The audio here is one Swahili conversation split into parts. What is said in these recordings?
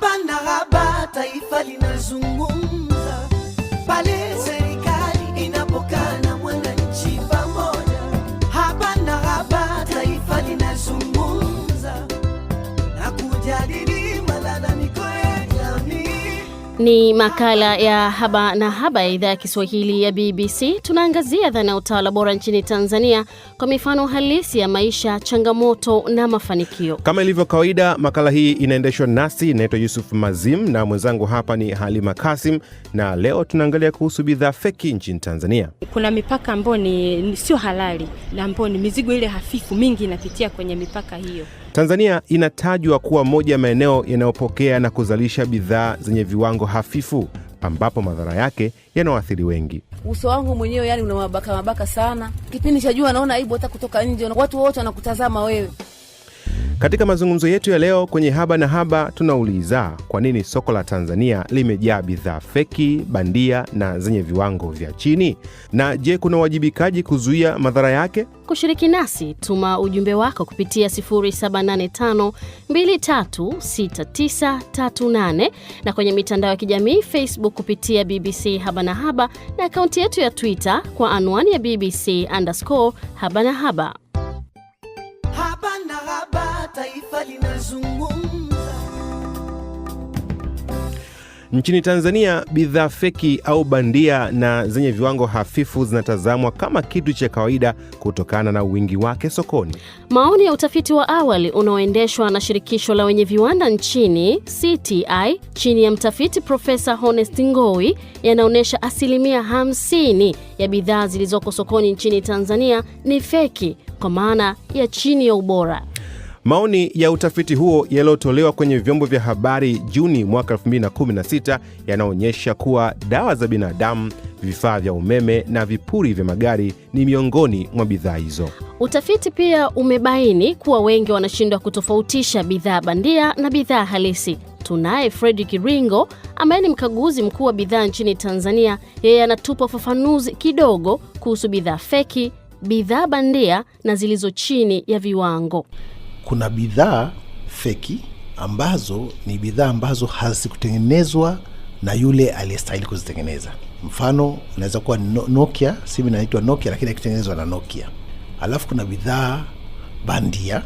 Hapana haba, taifa linazungumza Ni makala ya haba na haba ya idhaa ya Kiswahili ya BBC. Tunaangazia dhana ya utawala bora nchini Tanzania kwa mifano halisi ya maisha, changamoto na mafanikio. Kama ilivyo kawaida, makala hii inaendeshwa nasi, inaitwa Yusuf Mazim na mwenzangu hapa ni Halima Kasim, na leo tunaangalia kuhusu bidhaa feki nchini Tanzania. Kuna mipaka ambayo ni sio halali na ambayo ni mizigo ile hafifu mingi inapitia kwenye mipaka hiyo. Tanzania inatajwa kuwa moja ya maeneo yanayopokea na kuzalisha bidhaa zenye viwango hafifu ambapo madhara yake yanawaathiri wengi. Uso wangu mwenyewe yani una mabaka mabaka sana. Kipindi cha jua naona aibu hata kutoka nje, watu wote wanakutazama wewe. Katika mazungumzo yetu ya leo kwenye Haba na Haba tunauliza kwa nini soko la Tanzania limejaa bidhaa feki, bandia na zenye viwango vya chini, na je, kuna uwajibikaji kuzuia madhara yake? Kushiriki nasi, tuma ujumbe wako kupitia 0785236938 na kwenye mitandao ya kijamii Facebook kupitia BBC Haba na Haba na akaunti yetu ya Twitter kwa anwani ya BBC underscore Haba na Haba taifa linazungumza. Nchini Tanzania, bidhaa feki au bandia na zenye viwango hafifu zinatazamwa kama kitu cha kawaida kutokana na wingi wake sokoni. Maoni ya utafiti wa awali unaoendeshwa na shirikisho la wenye viwanda nchini CTI chini ya mtafiti Profesa Honest Ngowi yanaonyesha asilimia 50 ya bidhaa zilizoko sokoni nchini Tanzania ni feki, kwa maana ya chini ya ubora. Maoni ya utafiti huo yaliyotolewa kwenye vyombo vya habari Juni mwaka 2016 yanaonyesha kuwa dawa za binadamu, vifaa vya umeme na vipuri vya magari ni miongoni mwa bidhaa hizo. Utafiti pia umebaini kuwa wengi wanashindwa kutofautisha bidhaa bandia na bidhaa halisi. Tunaye Fredrick ringo ambaye ni mkaguzi mkuu wa bidhaa nchini Tanzania. Yeye anatupa ufafanuzi kidogo kuhusu bidhaa feki, bidhaa bandia na zilizo chini ya viwango kuna bidhaa feki ambazo ni bidhaa ambazo hazikutengenezwa na yule aliyestahili kuzitengeneza. Mfano inaweza kuwa Nokia, simu inaitwa Nokia lakini akitengenezwa na Nokia. Alafu kuna bidhaa bandia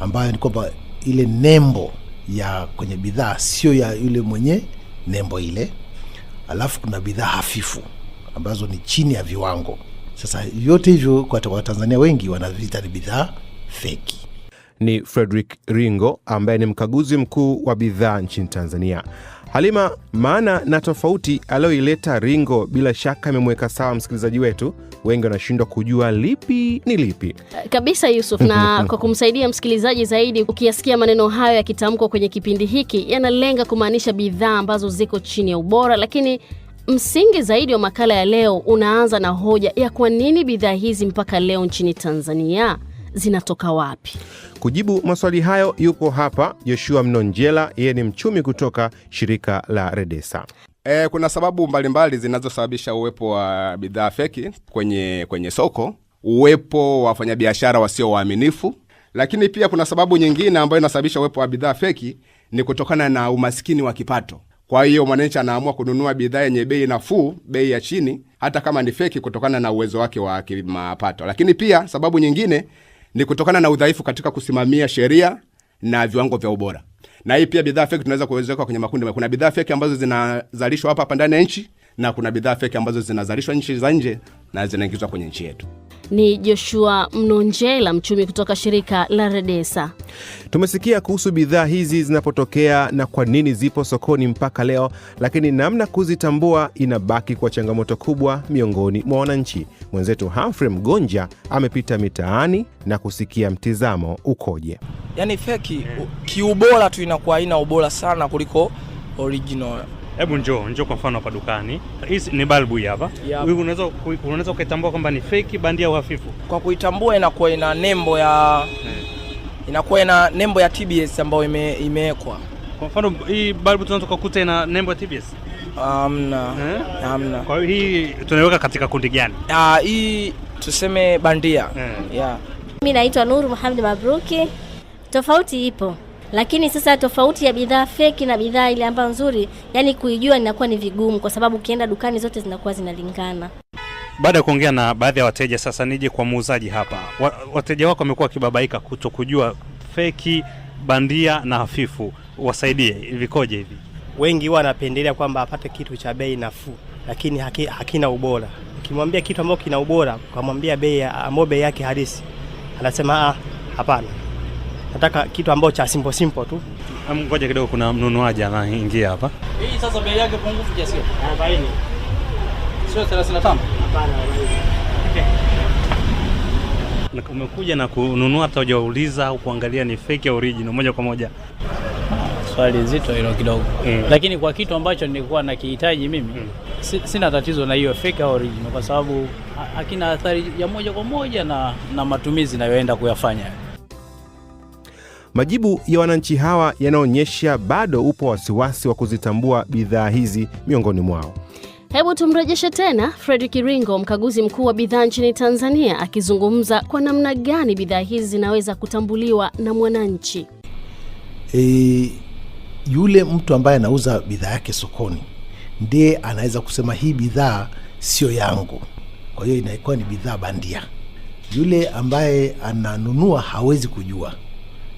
ambayo ni kwamba ile nembo ya kwenye bidhaa sio ya yule mwenye nembo ile. Alafu kuna bidhaa hafifu ambazo ni chini ya viwango. Sasa vyote hivyo kwa Watanzania wengi wanavita ni bidhaa feki ni Frederick Ringo ambaye ni mkaguzi mkuu wa bidhaa nchini Tanzania. Halima, maana na tofauti aliyoileta Ringo bila shaka imemweka sawa msikilizaji wetu. Wengi wanashindwa kujua lipi ni lipi eh, kabisa, Yusuf. Na kwa kumsaidia msikilizaji zaidi, ukiyasikia maneno hayo yakitamkwa kwenye kipindi hiki, yanalenga kumaanisha bidhaa ambazo ziko chini ya ubora, lakini msingi zaidi wa makala ya leo unaanza na hoja ya kwa nini bidhaa hizi mpaka leo nchini Tanzania zinatoka wapi? Kujibu maswali hayo yupo hapa Joshua Mnonjela, yeye ni mchumi kutoka shirika la Redesa. E, kuna sababu mbalimbali zinazosababisha uwepo wa bidhaa feki kwenye, kwenye soko, uwepo wa wafanyabiashara wasio waaminifu, lakini pia kuna sababu nyingine ambayo inasababisha uwepo wa bidhaa feki ni kutokana na umaskini wa kipato. Kwa hiyo mwananchi anaamua kununua bidhaa yenye bei nafuu, bei ya chini, hata kama ni feki, kutokana na uwezo wake wa kimapato. Lakini pia sababu nyingine ni kutokana na udhaifu katika kusimamia sheria na viwango vya ubora. Na hii pia bidhaa feki tunaweza kuwezeka kwenye makundi. Kuna bidhaa feki ambazo zinazalishwa hapa hapa ndani ya nchi na kuna bidhaa feki ambazo zinazalishwa nchi za nje na zinaingizwa kwenye nchi yetu ni Joshua Mnonjela, mchumi kutoka shirika la Redesa. Tumesikia kuhusu bidhaa hizi zinapotokea na kwa nini zipo sokoni mpaka leo, lakini namna kuzitambua inabaki kwa changamoto kubwa miongoni mwa wananchi. Mwenzetu Humphrey Mgonja amepita mitaani na kusikia mtizamo ukoje. Yani feki kiubora tu inakuwa haina ubora sana kuliko original. Hebu njoo njoo, kwa mfano hapa dukani, hizi ni balbu hapa, unaweza unaweza ukaitambua kwamba ni fake, bandia au hafifu? Kwa kuitambua inakuwa ina nembo ya hmm. inakuwa ina nembo ya TBS ambayo ime, imewekwa. Kwa mfano hii balbu tunaweza kukuta ina nembo ya TBS? hmm? amna Kwa hiyo hii tunaiweka katika kundi gani? Ah, hii tuseme bandia. Hmm. Yeah. Mimi naitwa Nuru Muhammad Mabruki. Tofauti ipo lakini sasa tofauti ya bidhaa feki na bidhaa ile ambayo nzuri, yani kuijua inakuwa ni vigumu, kwa sababu ukienda dukani zote zinakuwa zinalingana. Baada ya kuongea na baadhi ya wateja, sasa nije kwa muuzaji hapa. Wateja wako wamekuwa wakibabaika kuto kujua feki, bandia na hafifu, wasaidie, vikoje hivi? Wengi huwa wanapendelea kwamba apate kitu cha bei nafuu, lakini haki, hakina ubora. Ukimwambia kitu ambacho kina ubora, ukamwambia bei ambayo bei yake halisi, anasema ah, hapana nataka kitu ambacho cha simple simple tu. Ngoja kidogo, kuna mnunuaji anaingia hapa. Hii sasa bei yake pungufu kiasi gani? 40. Sio 35? Hapana. Umekuja na kununua hata hujauliza au kuangalia ni fake au original moja kwa moja? Ah, swali zito hilo kidogo mm. Lakini kwa kitu ambacho nilikuwa nakihitaji mimi mm. sina tatizo na hiyo fake au original kwa sababu hakina athari ya moja kwa moja na, na matumizi nayoenda kuyafanya. Majibu ya wananchi hawa yanaonyesha bado upo wasiwasi wa kuzitambua bidhaa hizi miongoni mwao. Hebu tumrejeshe tena Fredrick Ringo, mkaguzi mkuu wa bidhaa nchini Tanzania, akizungumza kwa namna gani bidhaa hizi zinaweza kutambuliwa na mwananchi. E, yule mtu ambaye anauza bidhaa yake sokoni ndiye anaweza kusema hii bidhaa sio yangu, kwa hiyo inakuwa ni bidhaa bandia. Yule ambaye ananunua hawezi kujua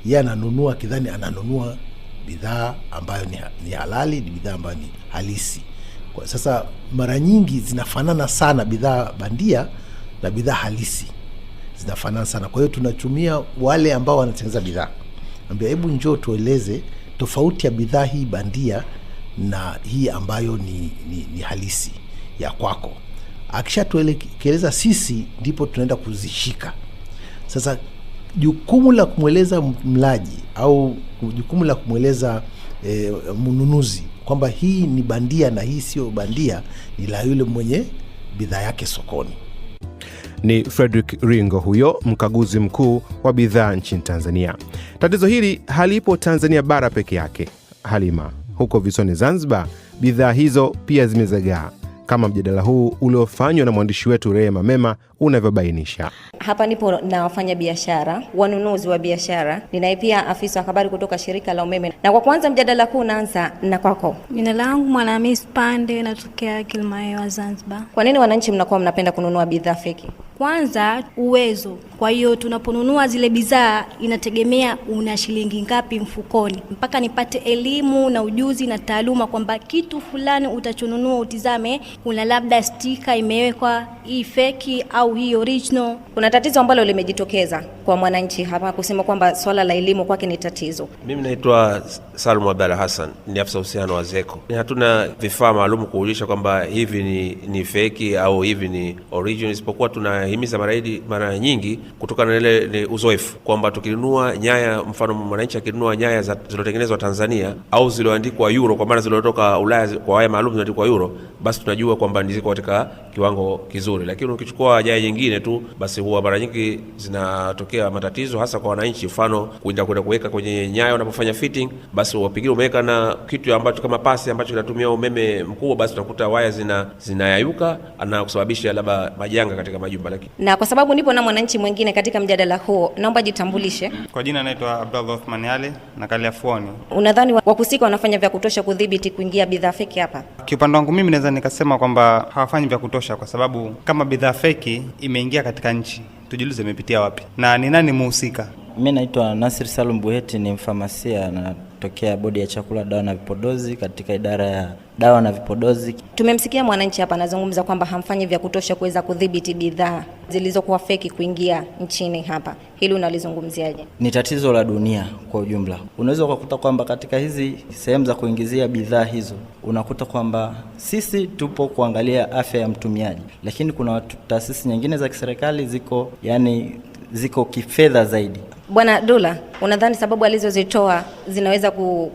yeye ananunua kidhani ananunua bidhaa ambayo ni, ni halali, ni bidhaa ambayo ni halisi. Kwa sasa mara nyingi zinafanana sana bidhaa bandia na bidhaa halisi zinafanana sana. Kwa hiyo tunatumia wale ambao wanatengeneza bidhaa, ambia hebu njoo tueleze tofauti ya bidhaa hii bandia na hii ambayo ni, ni, ni halisi ya kwako. Akishatueleza sisi, ndipo tunaenda kuzishika. Sasa jukumu la kumweleza mlaji au jukumu la kumweleza e, mnunuzi kwamba hii ni bandia na hii siyo bandia ni la yule mwenye bidhaa yake sokoni. Ni fredrik Ringo huyo mkaguzi mkuu wa bidhaa nchini Tanzania. Tatizo hili halipo Tanzania bara peke yake, Halima. Huko visoni Zanzibar, bidhaa hizo pia zimezagaa kama mjadala huu uliofanywa na mwandishi wetu Rehema Mema unavyobainisha. Hapa nipo na wafanya biashara, wanunuzi wa biashara, ninaye pia afisa wa habari kutoka shirika la umeme, na kwa kwanza mjadala huu unaanza na kwako. Jina langu Mwanamis Pande, natokea Kilmahewa, Zanzibar. Kwa nini wananchi mnakuwa mnapenda kununua bidhaa feki? Kwanza uwezo. Kwa hiyo tunaponunua zile bidhaa inategemea una shilingi ngapi mfukoni, mpaka nipate elimu na ujuzi na taaluma kwamba kitu fulani utachonunua utizame, kuna labda stika imewekwa hii feki au hii original. Kuna tatizo ambalo limejitokeza kwa mwananchi hapa kusema kwamba swala la elimu kwake ni tatizo. Mimi naitwa Salmu Abdalla Hassan, ni afisa uhusiano wa ZECO. Hatuna vifaa maalum kuulisha kwamba hivi ni, ni feki au hivi ni original, isipokuwa tuna tunahimiza mara nyingi kutokana na ile ni uzoefu kwamba tukinunua nyaya, mfano mwananchi akinunua nyaya zilizotengenezwa Tanzania au zilizoandikwa euro, kwa maana zilizotoka Ulaya kwa waya maalum zinaandikwa euro, basi tunajua kwamba ni ziko katika kiwango kizuri, lakini ukichukua ajali nyingine tu, basi huwa mara nyingi zinatokea matatizo hasa kwa wananchi. Mfano kuenda kwenda kuweka kwenye nyayo unapofanya fitting, basi pengine umeweka na kitu ambacho kama pasi ambacho kinatumia umeme mkubwa, basi utakuta waya zina zinayayuka na kusababisha labda majanga katika majumba. Lakini na kwa sababu nipo na mwananchi mwingine katika mjadala huo, naomba jitambulishe kwa jina. Naitwa Abdallah Othman Ali na kali Kaliafuoni. Unadhani wakusika wanafanya vya kutosha kudhibiti kuingia bidhaa feki hapa? Kiupande wangu mimi naweza nikasema kwamba hawafanyi vya kutosha kutosha, kwa sababu kama bidhaa feki imeingia katika nchi, tujiulize imepitia wapi na ni nani muhusika. Mi naitwa Nasir Salum Buheti, ni mfamasia na kutokea Bodi ya Chakula, Dawa na Vipodozi katika idara ya dawa na vipodozi. Tumemsikia mwananchi hapa anazungumza kwamba hamfanyi vya kutosha kuweza kudhibiti bidhaa zilizokuwa feki kuingia nchini hapa. Hili unalizungumziaje? Ni tatizo la dunia kwa ujumla. Unaweza ukakuta kwamba katika hizi sehemu za kuingizia bidhaa hizo, unakuta kwamba sisi tupo kuangalia afya ya mtumiaji, lakini kuna taasisi nyingine za kiserikali ziko yani, ziko kifedha zaidi Bwana Dula, unadhani sababu alizozitoa zinaweza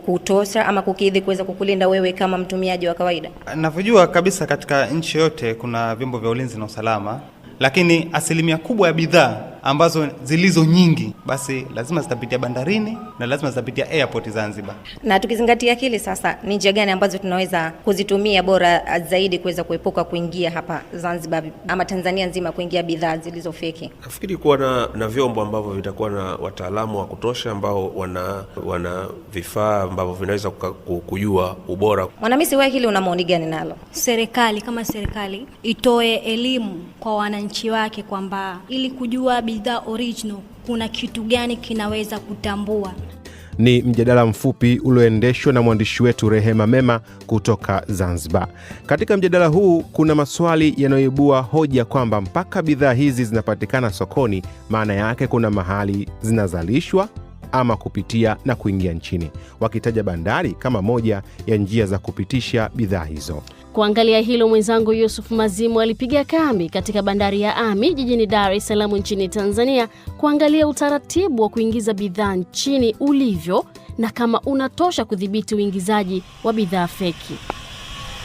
kutosha ama kukidhi kuweza kukulinda wewe kama mtumiaji wa kawaida? Navyojua kabisa katika nchi yote kuna vyombo vya ulinzi na usalama, lakini asilimia kubwa ya bidhaa ambazo zilizo nyingi, basi lazima zitapitia bandarini na lazima zitapitia airport Zanzibar. Na tukizingatia kile sasa, ni njia gani ambazo tunaweza kuzitumia bora zaidi kuweza kuepuka kuingia hapa Zanzibar ama Tanzania nzima kuingia bidhaa zilizo feki? Nafikiri kuwa na, na vyombo ambavyo vitakuwa na wataalamu wa kutosha ambao wana wana vifaa ambavyo vinaweza kujua ubora. Mwanamisi, wewe hili una maoni gani nalo? Serikali kama serikali itoe elimu kwa wananchi wake kwamba ili kujua bidhaa original kuna kitu gani kinaweza kutambua. Ni mjadala mfupi ulioendeshwa na mwandishi wetu Rehema Mema kutoka Zanzibar. Katika mjadala huu kuna maswali yanayoibua hoja kwamba mpaka bidhaa hizi zinapatikana sokoni, maana yake kuna mahali zinazalishwa ama kupitia na kuingia nchini, wakitaja bandari kama moja ya njia za kupitisha bidhaa hizo. Kuangalia hilo, mwenzangu Yusuf Mazimu alipiga kambi katika bandari ya Ami jijini Dar es Salaam nchini Tanzania kuangalia utaratibu wa kuingiza bidhaa nchini ulivyo na kama unatosha kudhibiti uingizaji wa bidhaa feki.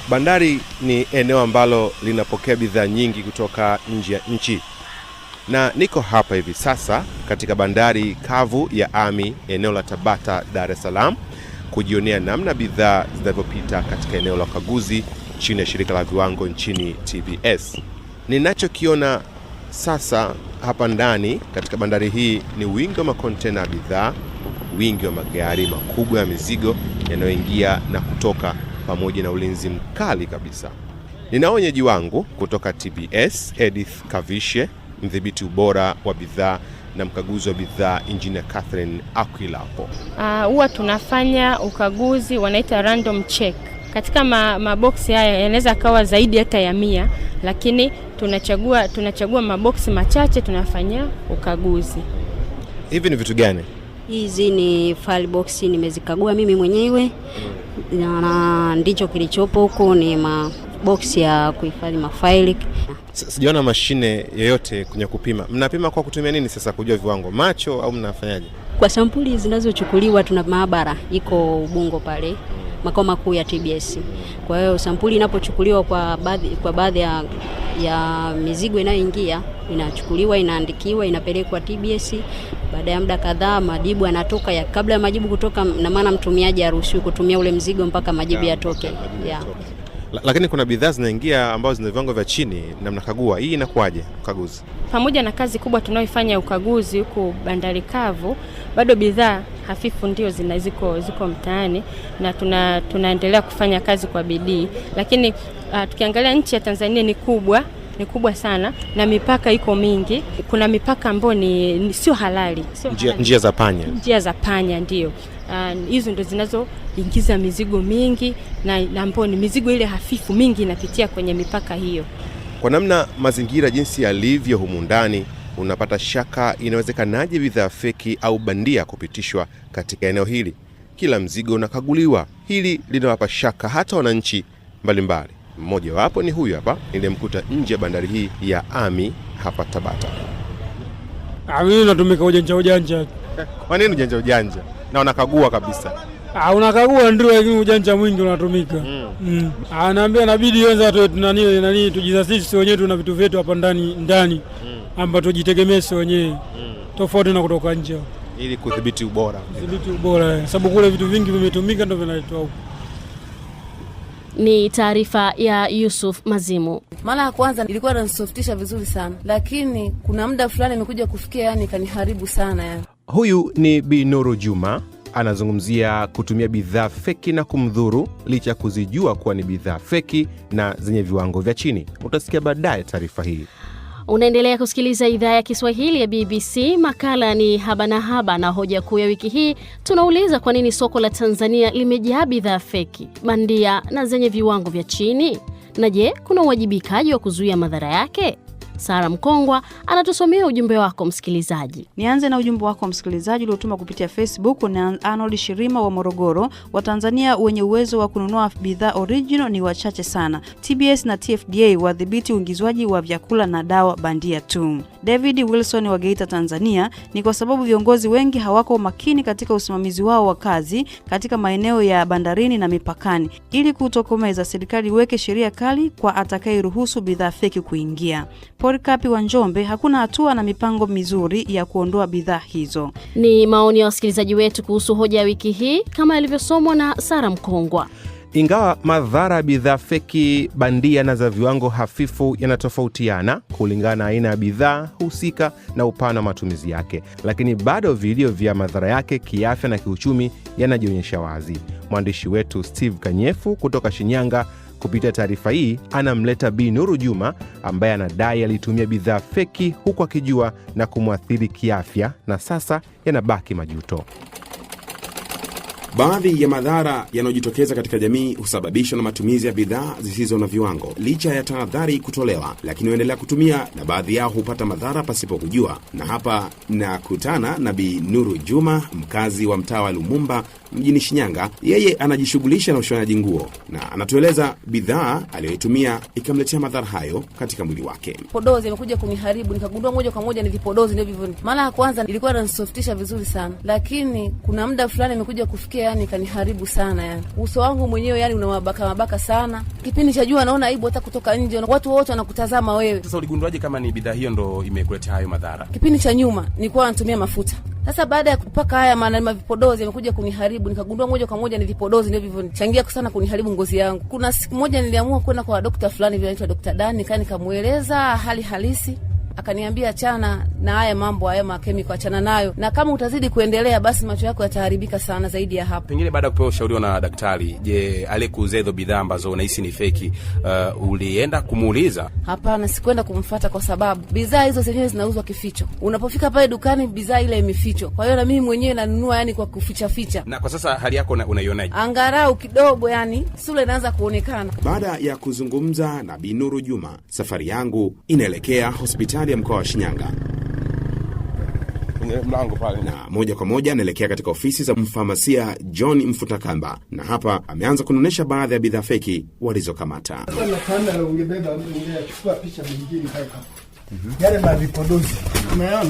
Bandari ni eneo ambalo linapokea bidhaa nyingi kutoka nje ya nchi, na niko hapa hivi sasa katika bandari kavu ya Ami, eneo la Tabata, Dar es Salaam, kujionea namna bidhaa zinavyopita katika eneo la ukaguzi chini ya shirika la viwango nchini TBS. Ninachokiona sasa hapa ndani katika bandari hii ni wingi wa makontena ya bidhaa, wingi wa magari makubwa ya mizigo yanayoingia na kutoka, pamoja na ulinzi mkali kabisa. Nina wenyeji wangu kutoka TBS, Edith Kavishe, mdhibiti ubora wa bidhaa na mkaguzi wa bidhaa Engineer Catherine Akwilapo. Ah, huwa uh, tunafanya ukaguzi wanaita random check katika maboksi haya yanaweza kawa zaidi hata ya mia, lakini tunachagua, tunachagua maboksi machache tunafanya ukaguzi. Hivi ni vitu gani? Hizi ni file box, nimezikagua mimi mwenyewe na ndicho kilichopo huko ni maboksi ya kuhifadhi mafaili. Sijaona mashine yoyote kwenye kupima. Mnapima kwa kutumia nini sasa kujua viwango, macho au mnafanyaje? Kwa sampuli zinazochukuliwa tuna maabara iko Ubungo pale makao makuu ya TBS. Kwa hiyo sampuli inapochukuliwa kwa baadhi kwa baadhi ya, ya mizigo inayoingia inachukuliwa, inaandikiwa, inapelekwa TBS. Baada ya muda kadhaa majibu yanatoka ya, kabla ya majibu kutoka, na maana mtumiaji haruhusiwi kutumia ule mzigo mpaka majibu yatoke ya lakini kuna bidhaa zinaingia ambazo zina viwango vya chini na mnakagua, hii inakuwaje ukaguzi? Pamoja na kazi kubwa tunayoifanya ya ukaguzi huku bandari kavu, bado bidhaa hafifu ndio zina ziko, ziko mtaani na tuna, tunaendelea kufanya kazi kwa bidii, lakini uh, tukiangalia nchi ya Tanzania ni kubwa ni kubwa sana na mipaka iko mingi. Kuna mipaka ambayo ni, ni sio halali, sio njia, njia za panya, njia za panya ndio ah, hizo uh, ndo zinazoingiza mizigo mingi na ambayo ni mizigo ile hafifu mingi inapitia kwenye mipaka hiyo. Kwa namna mazingira jinsi yalivyo humu ndani unapata shaka, inawezekanaje bidhaa feki au bandia kupitishwa katika eneo hili? Kila mzigo unakaguliwa. Hili linawapa shaka hata wananchi mbalimbali. Mmoja wapo ni huyu hapa, niliyemkuta nje ya bandari hii ya Ami hapa Tabata. Natumika ujanja ujanja. Kwa nini ujanja ujanja? Na wanakagua kabisa. Ah, unakagua ndio, lakini ujanja mwingi unatumika. mm. mm. Anaambia ah, inabidi wenza tunani nani tujisasisi wenyewe, tuna vitu vyetu hapa ndani ndani mm. ambapo tujitegemee wenyewe mm. tofauti na kutoka nje ili kudhibiti ubora, kudhibiti ubora, eh. sababu kule vitu vingi vimetumika ndio vinaletwa huko. Ni taarifa ya Yusuf Mazimu. Mara ya kwanza ilikuwa nanisoftisha vizuri sana, lakini kuna muda fulani imekuja kufikia, yani kaniharibu sana yani. Huyu ni Bi Juma anazungumzia kutumia bidhaa feki na kumdhuru licha ya kuzijua kuwa ni bidhaa feki na zenye viwango vya chini. Utasikia baadaye taarifa hii. Unaendelea kusikiliza idhaa ya Kiswahili ya BBC. Makala ni haba na haba, na hoja kuu ya wiki hii tunauliza kwa nini soko la Tanzania limejaa bidhaa feki, bandia na zenye viwango vya chini, na je, kuna uwajibikaji wa kuzuia madhara yake? Sara Mkongwa anatusomea ujumbe wako msikilizaji. Nianze na ujumbe wako msikilizaji uliotuma kupitia Facebook na Arnold Shirima wa Morogoro. Watanzania wenye uwezo wa kununua bidhaa original ni wachache sana. TBS na TFDA wadhibiti uingizwaji wa vyakula na dawa bandia tu. David Wilson wa Geita, Tanzania, ni kwa sababu viongozi wengi hawako makini katika usimamizi wao wa kazi katika maeneo ya bandarini na mipakani. Ili kutokomeza, serikali iweke sheria kali kwa atakayeruhusu bidhaa feki kuingia. Podkapi wa Njombe hakuna hatua na mipango mizuri ya kuondoa bidhaa hizo. Ni maoni ya wasikilizaji wetu kuhusu hoja ya wiki hii kama ilivyosomwa na Sara Mkongwa. Ingawa madhara ya bidhaa feki, bandia na za viwango hafifu yanatofautiana kulingana na aina ya bidhaa husika na upana wa matumizi yake, lakini bado vilio vya madhara yake kiafya na kiuchumi yanajionyesha wazi. Mwandishi wetu Steve Kanyefu kutoka Shinyanga kupitia taarifa hii anamleta Bi Nuru Juma ambaye anadai alitumia bidhaa feki huku akijua na kumwathiri kiafya na sasa yanabaki majuto. Baadhi ya madhara yanayojitokeza katika jamii husababishwa na matumizi ya bidhaa zisizo na viwango. Licha ya tahadhari kutolewa, lakini huendelea kutumia na baadhi yao hupata madhara pasipo kujua. Na hapa nakutana na Bi Nuru Juma, mkazi wa mtaa wa Lumumba mjini Shinyanga. Yeye anajishughulisha na ushonaji nguo na anatueleza bidhaa aliyoitumia ikamletea madhara hayo katika mwili wake. Podozi imekuja kuniharibu, nikagundua moja kwa moja ni vipodozi ndio hivyo. Mara ya kwanza ilikuwa inanisoftisha vizuri sana, lakini kuna muda fulani imekuja kufikia yani kaniharibu sana yani. Uso wangu mwenyewe yani una mabaka mabaka sana. Kipindi cha jua naona aibu hata kutoka nje. Watu wote wanakutazama wewe. Sasa uligunduaje kama ni bidhaa hiyo ndo imekuletea hayo madhara? Kipindi cha nyuma nilikuwa natumia mafuta. Sasa baada ya kupaka haya maana vipodozi yamekuja kuniharibu, nikagundua moja kwa moja ni vipodozi ndio vilivyochangia sana kuniharibu ngozi yangu. Kuna siku moja niliamua kwenda kwa daktari fulani vile anaitwa Daktari Dan, nikaa nikamweleza hali halisi akaniambia achana na haya mambo, haya makemiko achana nayo, na kama utazidi kuendelea, basi macho yako yataharibika sana zaidi ya hapo. Pengine baada ya kupewa ushauri na daktari, je, alikuuza hizo bidhaa ambazo unahisi ni feki, uh, ulienda kumuuliza? Hapana, sikwenda kumfata kwa sababu bidhaa hizo zenyewe zinauzwa kificho. Unapofika pale dukani, bidhaa ile imefichwa, kwa hiyo na mimi mwenyewe nanunua, yani kwa kuficha ficha. Na kwa sasa hali yako unaionaje? Angarau kidogo, yani sura inaanza kuonekana. Baada ya kuzungumza na Binuru Juma, safari yangu inaelekea hospitali serikali ya mkoa wa Shinyanga mlango pale, na moja kwa moja anaelekea katika ofisi za mfamasia John Mfutakamba, na hapa ameanza kunonesha baadhi ya bidhaa feki walizokamata. Mm-hmm.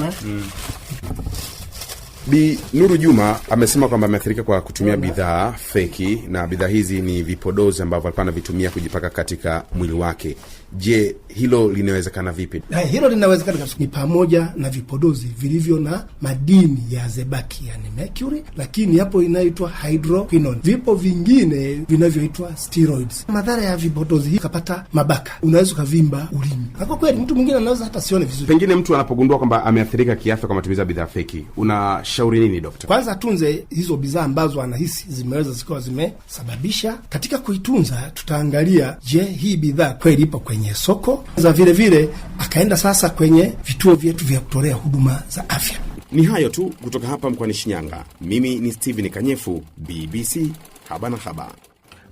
Bi Nuru Juma amesema kwamba ameathirika kwa kutumia bidhaa feki, na bidhaa hizi ni vipodozi ambavyo alikuwa anavitumia kujipaka katika mwili wake. Je, hilo linawezekana vipi? Na hilo linawezekana kabisa, ni pamoja na vipodozi vilivyo na madini ya zebaki, yani mercury, lakini yapo inayoitwa hydroquinone. Vipo vingine vinavyoitwa steroids. Madhara ya vipodozi hii, ukapata mabaka, unaweza ukavimba ulimi, na kwa kweli mtu mwingine anaweza hata sione vizuri. Pengine mtu anapogundua kwamba ameathirika kiafya kwa matumizi ya bidhaa feki, unashauri nini dokta? Kwanza atunze hizo bidhaa ambazo anahisi zimeweza zikawa zimesababisha. Katika kuitunza, tutaangalia, je, hii bidhaa kweli ipo kwenye kwenye soko za vile vile, akaenda sasa kwenye vituo vyetu vya kutolea huduma za afya. Ni hayo tu kutoka hapa mkoani Shinyanga. Mimi ni Steven Kanyefu, BBC haba na haba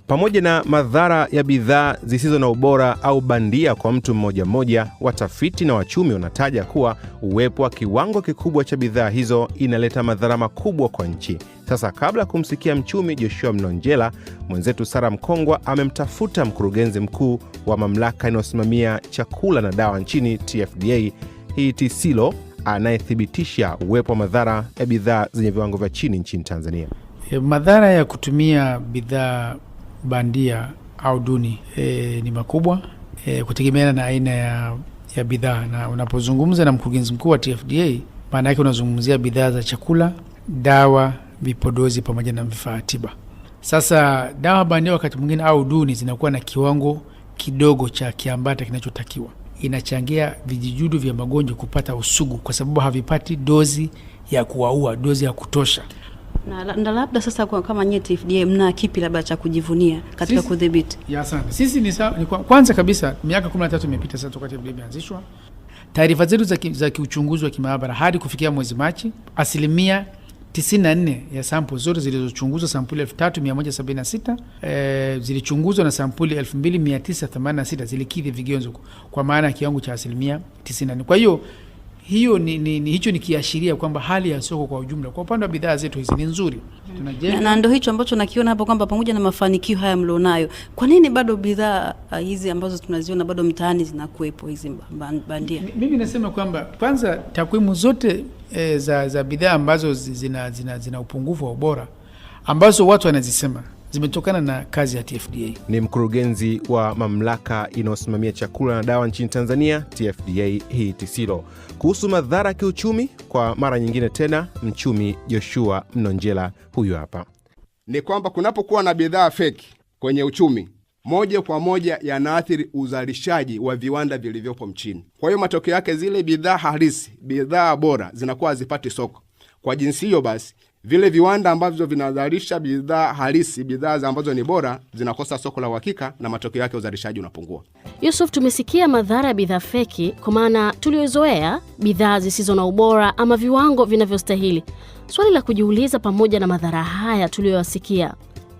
pamoja na madhara ya bidhaa zisizo na ubora au bandia kwa mtu mmoja mmoja, watafiti na wachumi wanataja kuwa uwepo wa kiwango kikubwa cha bidhaa hizo inaleta madhara makubwa kwa nchi. Sasa, kabla ya kumsikia mchumi Joshua mnonjela mwenzetu Sara Mkongwa amemtafuta mkurugenzi mkuu wa mamlaka inayosimamia chakula na dawa nchini TFDA hii Tisilo, anayethibitisha uwepo wa madhara ya bidhaa zenye viwango vya chini nchini Tanzania. Eh, madhara ya kutumia bidhaa bandia au duni e, ni makubwa e, kutegemeana na aina ya, ya bidhaa. Na unapozungumza na mkurugenzi mkuu wa TFDA, maana yake unazungumzia bidhaa za chakula, dawa, vipodozi pamoja na vifaa tiba. Sasa dawa bandia wakati mwingine au duni zinakuwa na kiwango kidogo cha kiambata kinachotakiwa, inachangia vijijudu vya magonjwa kupata usugu, kwa sababu havipati dozi ya kuwaua, dozi ya kutosha na, na labda sasa kwa, kama nyie TFDA mna kipi labda cha kujivunia katika kudhibiti? Asante. Sisi ni, sa, ni kwa, kwanza kabisa miaka 13 imepita sasa toka TFDA imeanzishwa. Taarifa zetu za, ki, za kiuchunguzi wa kimaabara hadi kufikia mwezi Machi, asilimia 94 ya sampuli zote zilizochunguzwa, sampuli 3176 e, eh, zilichunguzwa na sampuli 2986 zilikidhi vigezo kwa maana ya kiwango cha asilimia 94. Kwa hiyo hiyo ni, ni, ni, hicho ni kiashiria kwamba hali ya soko kwa ujumla kwa upande wa bidhaa zetu hizi ni nzuri tunajenga, na ndio hicho ambacho nakiona hapo kwamba pamoja na mafanikio haya mlionayo, kwa nini bado bidhaa uh, hizi ambazo tunaziona bado mtaani zinakuwepo hizi bandia? Mimi nasema kwamba kwanza takwimu zote e, za, za bidhaa ambazo zina, zina, zina upungufu wa ubora ambazo watu wanazisema zimetokana na kazi ya TFDA. Ni mkurugenzi wa mamlaka inayosimamia chakula na dawa nchini Tanzania, TFDA hii Tisilo, kuhusu madhara ya kiuchumi. Kwa mara nyingine tena, mchumi Joshua Mnonjela huyu hapa. Ni kwamba kunapokuwa na bidhaa feki kwenye uchumi moja kwa moja yanaathiri uzalishaji wa viwanda vilivyopo mchini. Kwa hiyo matokeo yake, zile bidhaa halisi, bidhaa bora zinakuwa hazipati soko. Kwa jinsi hiyo basi, vile viwanda ambavyo vinazalisha bidhaa halisi, bidhaa ambazo ni bora, zinakosa soko la uhakika, na matokeo yake uzalishaji unapungua. Yusuf, tumesikia madhara ya bidhaa feki, kwa maana tuliozoea bidhaa zisizo na ubora ama viwango vinavyostahili. Swali la kujiuliza, pamoja na madhara haya tuliyoyasikia,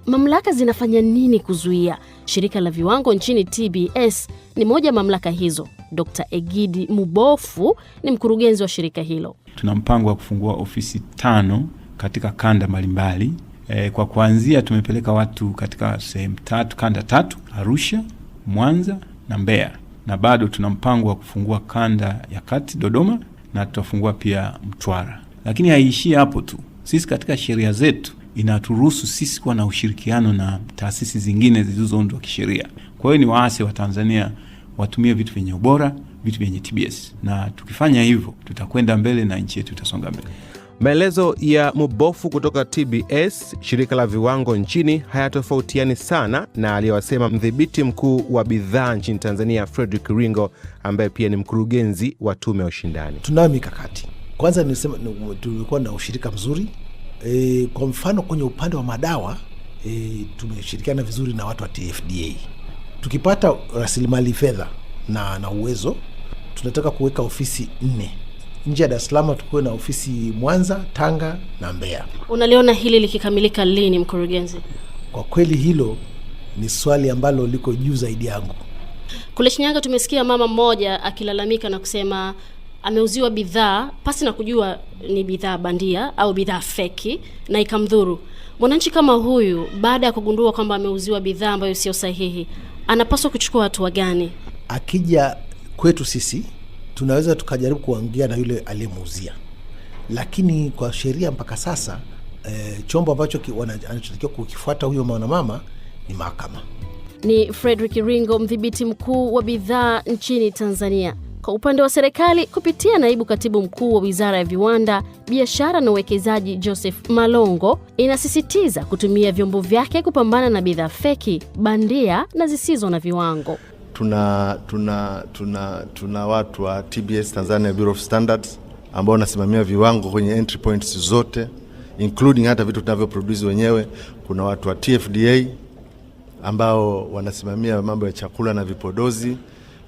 mamlaka zinafanya nini kuzuia? Shirika la viwango nchini TBS ni moja ya mamlaka hizo. Dr Egidi Mubofu ni mkurugenzi wa shirika hilo. Tuna mpango wa kufungua ofisi tano katika kanda mbalimbali. E, kwa kuanzia tumepeleka watu katika sehemu tatu, kanda tatu: Arusha, Mwanza na Mbeya, na bado tuna mpango wa kufungua kanda ya kati Dodoma, na tutafungua pia Mtwara. Lakini haiishii hapo tu, sisi katika sheria zetu inaturuhusu sisi kuwa na ushirikiano na taasisi zingine zilizoundwa kisheria. Kwa hiyo ni waasi wa Tanzania watumie vitu vyenye ubora, vitu vyenye TBS, na tukifanya hivyo tutakwenda mbele na nchi yetu itasonga mbele. Maelezo ya Mubofu kutoka TBS, shirika la viwango nchini, hayatofautiani sana na aliyowasema mdhibiti mkuu wa bidhaa nchini Tanzania Frederick Ringo, ambaye pia ni mkurugenzi wa tume ya ushindani. Tunayo mikakati. Kwanza nimesema tulikuwa na ushirika mzuri e, kwa mfano kwenye upande wa madawa e, tumeshirikiana vizuri na watu wa TFDA. Tukipata rasilimali fedha na, na uwezo tunataka kuweka ofisi nne nje ya Dar es Salaam tukuwe na ofisi Mwanza, Tanga na Mbeya. Unaliona hili likikamilika lini, mkurugenzi? Kwa kweli hilo ni swali ambalo liko juu zaidi yangu. Kule Shinyanga tumesikia mama mmoja akilalamika na kusema ameuziwa bidhaa pasi na kujua ni bidhaa bandia au bidhaa feki na ikamdhuru. Mwananchi kama huyu, baada ya kugundua kwamba ameuziwa bidhaa ambayo sio sahihi, anapaswa kuchukua hatua gani? Akija kwetu sisi tunaweza tukajaribu kuongea na yule aliyemuuzia, lakini kwa sheria mpaka sasa e, chombo ambacho anachotakiwa kukifuata huyo mwanamama ni mahakama. Ni Frederick Ringo, mdhibiti mkuu wa bidhaa nchini Tanzania. Kwa upande wa serikali kupitia naibu katibu mkuu wa wizara ya viwanda, biashara na uwekezaji Joseph Malongo inasisitiza kutumia vyombo vyake kupambana na bidhaa feki, bandia na zisizo na viwango tuna, tuna, tuna, tuna watu wa TBS Tanzania Bureau of Standards ambao wanasimamia viwango kwenye entry points zote including hata vitu produce wenyewe. Kuna watu wa TFDA ambao wanasimamia mambo ya chakula na vipodozi.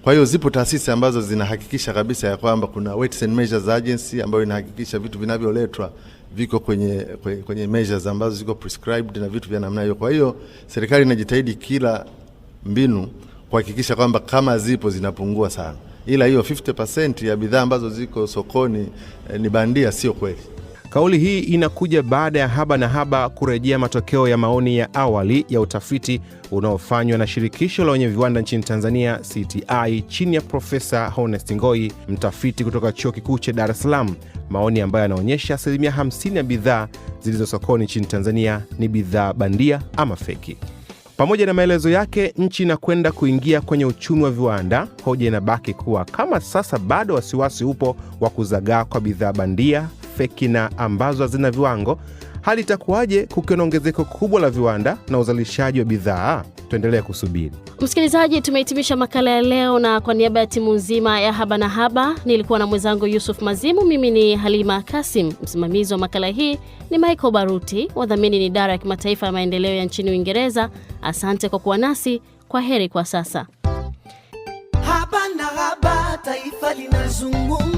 Kwa hiyo zipo taasisi ambazo zinahakikisha kabisa ya kwamba kuna weights and measures agency ambayo inahakikisha vitu vinavyoletwa viko kwenye, kwenye measures ambazo ziko prescribed na vitu vya namna hiyo. Kwa hiyo serikali inajitahidi kila mbinu kuhakikisha kwamba kama zipo zinapungua sana, ila hiyo 50% ya bidhaa ambazo ziko sokoni eh, ni bandia, sio kweli. Kauli hii inakuja baada ya Haba na Haba kurejea matokeo ya maoni ya awali ya utafiti unaofanywa na shirikisho la wenye viwanda nchini Tanzania, CTI, chini ya Profesa Honest Ngoi, mtafiti kutoka chuo kikuu cha Dar es Salaam, maoni ambayo yanaonyesha asilimia 50 ya bidhaa zilizo sokoni nchini Tanzania ni bidhaa bandia ama feki. Pamoja na maelezo yake, nchi inakwenda kuingia kwenye uchumi wa viwanda, hoja inabaki kuwa kama sasa bado wasiwasi upo wa kuzagaa kwa bidhaa bandia feki na ambazo hazina viwango hali itakuwaje kukiwa na ongezeko kubwa la viwanda na uzalishaji wa bidhaa? Tuendelea kusubiri. Msikilizaji, tumehitimisha makala ya leo, na kwa niaba ya timu nzima ya Haba na Haba nilikuwa na mwenzangu Yusuf Mazimu, mimi ni Halima Kasim. Msimamizi wa makala hii ni Michael Baruti, wadhamini ni Idara ya Kimataifa ya Maendeleo ya nchini Uingereza. Asante kwa kuwa nasi, kwa heri kwa sasa. Haba na Haba, taifa linazungumza.